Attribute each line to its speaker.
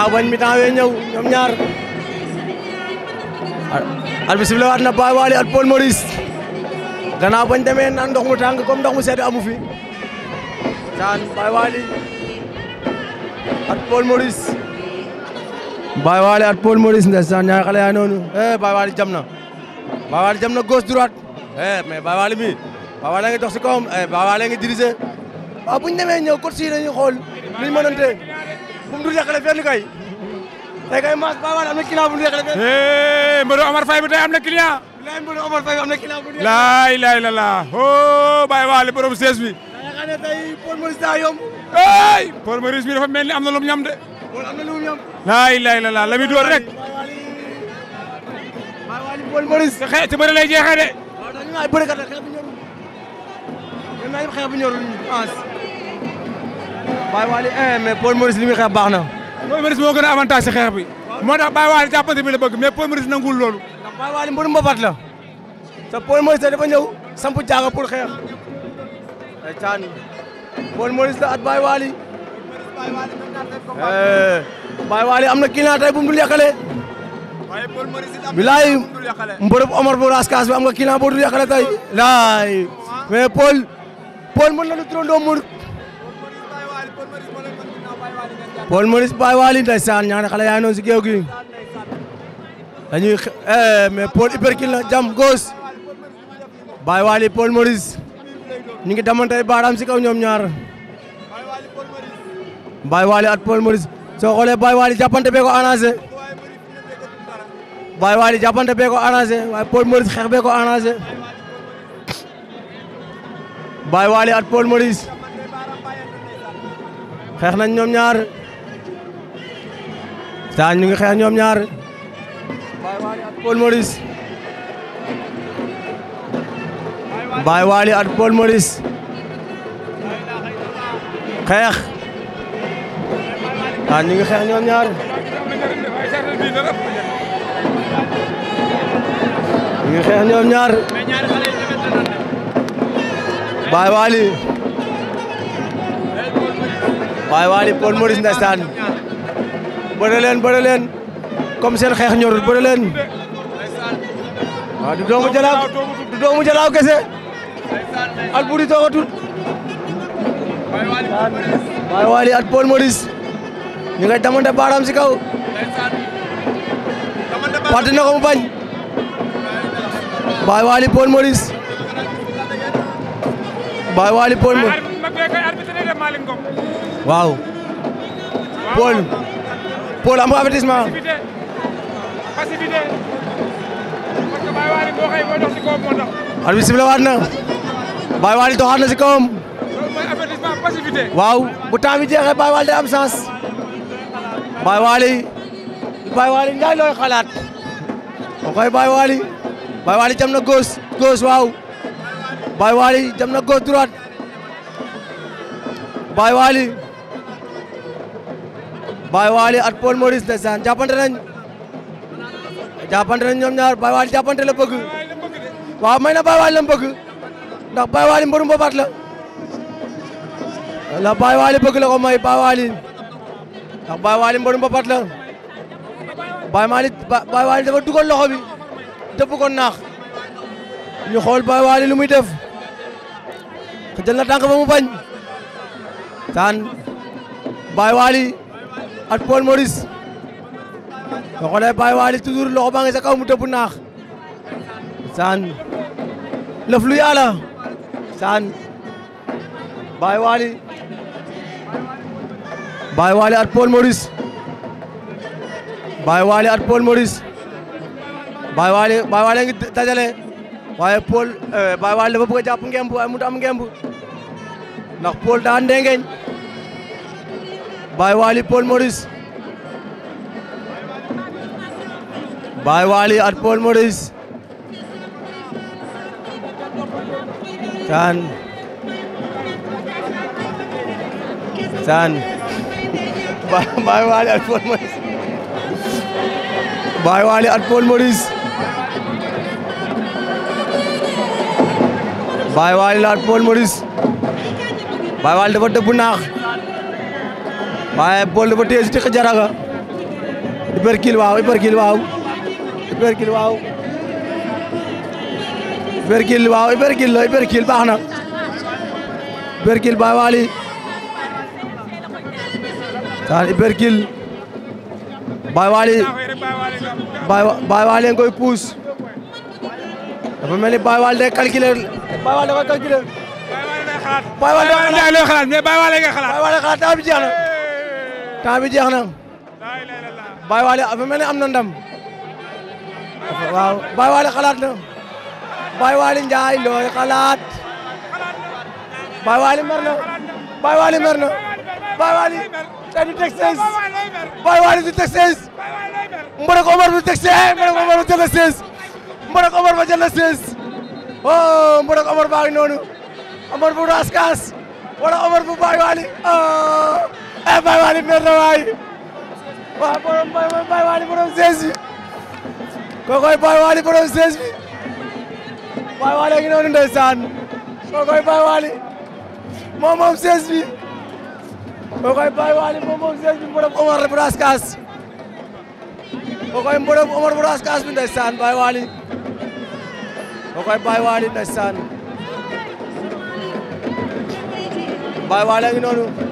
Speaker 1: ginnaaw bañ mi temps wee ñëw ñoom ñaar ar bi sifle waat na Baye at pool Paul Maurice gannaaw bañ demee naan ndox mu tàng comme ndox mu amu fi daan Baye Waly ak Paul Maurice Baye Waly ak Paul Maurice ndeysaan ñaari xale yaa noonu eh Baye Waly jam na Baye Waly jam na gauche droite eh mais mi Baye Waly a ngi dox si kawam eh Baye Waly a ngi dirigé waaw bu ñu demee ñëw coach yi dañuy xool li ñu mënante bu mu dul yàqale kay tey kay Mass Ba Wade am na client bu mu dul yàqale fenn. Eh, mbëru Omar Faye am na client. bilaay Mbëru Omar Faye bi am na client sees bi. da nga xam ne tey Paul Maurice am na lu mu de. laa ilaaha illallaah la muy door rek. Baye Waly eh, mais Paul Maurice baax na.
Speaker 2: Paul Maurice moo gën a avantage
Speaker 1: si xeex bi. moo tax Baye Waly jàppante bi la bëgg mais Paul Maurice nanguwul loolu. ndax Baye Waly mbëru eh, am na kii naa tey dul yàqale. waaye Paul Maurice it am bi am nga kii naa boo dul yàqale tey. laay ah. mais Paul na lu turandoo Paul Maurice Baye Waly ndeysaan ñaari xale yaa ngi noonu si géew gi dañuy eh, mais Paul uppercut la jam gauche Baye Waly Paul Maurice ñu ngi damantay baaraam si kaw ñoom ñaar Baye Waly at Paul Maurice soo xoolee Baye Waly jàppante bee ko arrangé Baye Waly jàppante bee ko arrangé waaye Paul Maurice xeex bee ko arrangé Baye Waly at Paul Maurice xeex nañ ñoom ñaar Sagne ñu ngi xeex ñoom ñaar Baye Waly ak Paul Maurice Baye Waly xeex Sagne ñu ngi xeex ñoom ñaar ñu ngi xeex ñoom ñaar Baye Waly waaye Waly Paul Maurice ndeysaan bëre leen bëre leen comme seen xeex ñorul bëre leen waaw du doomu jalaaw du doomu jalaaw kese Alboury toogatul waaye Waly ak Paul Maurice ñu ngay damante baaraam si kaw parti na ko mu bañ Baye Waly Paul Maurice Baye Waly Paul Maurice waaw. Paul. Paul am avertissement. passivité. waat na. Baye Waly doxaat na si kawam. waaw bu temps bi jeexee Baye Waly day am chance. Baye Waly. Baye Waly looy xalaat. moo koy Baye Waly. Baye Waly jam na gauche gauche waaw. Baye Waly jam na gauche droite. Baye Waly. Baye Waly at Paul Maurice ndeysaan jàppante nañ jàppante nañ ñoom ñaar Baye Waly jàppante la bëgg waaw may na Baye Waly la bëgg ndax Baye Waly mbërum bobaat la la Baye Waly bëgg la ko may Baye Waly ndax Baye Waly mbërum bobaat la Baye Waly Baye Waly dafa dugal bi dëpp ko naax ñu xool Baye Waly lu muy def jël na tànk ba mu bañ taan Baye Waly at Paul moris boo xoolee Baye Waly toujours loxo baa ngi sa kaw mu tëbb naax saan lëf lu yàlla saan Baye Waly Baye Waly at Paul Maurice Baye Waly at Paul Maurice Baye Waly Baye Waly ngi dajale waaye Paul eh, Baye Waly dafa bëgg a jàpp ngemb waaye mu am ngemb ndax Paul daa ndengeñ Baye Waly Paul Maurice Baye Waly at Paul Maurice Saan Saan Baye Waly at Paul Maurice Baye Waly at Paul Maurice Baye Waly at Paul Maurice Baye Waly dafa dëbb naax waaye bool dafa téye si tiq jaraga hypercule waaw hypercule waaw hypercule waaw hypercule waaw hypercule la hypercule baax na hypercule Baye Waly saan hypercule Baye Waly a ngi koy puus dafa mel ni Baye Waly day calculer Baye Waly dafa calculer Baye Waly day xalaat Baye Waly day xalaat temps bi jeex na Baye Wally dafa mel ni am na ndam waaw Baye Wally na Baye Wally Ndiaye looy xalaat Baye Wally mer na Baye Wally mer na Baye Wally te du teg seize Baye Wally du teg seize Mbodj ak Omar du teg seize eh, Mbodj ak Omar ba jël na seize oh, Mbodj ak Omar ba jël na noonu Omar bu raskaas wala Omar bu Baye Wally oh. ah Baye Waly mer na waay waaw borom Baye Waly borom sees bi kookoy Baye Waly borom sees bi Baye Waly a ngi noonu ndeysaan kookoy Baye Waly moom moom sees bi kookoy Baye Waly moom moom sees bi borom Omar bu raas kaas kookoy borom Omar bu raas kaas bi ndeysaan Baye Waly kookoy Baye Waly ndeysaan Baye Waly a ngi noonu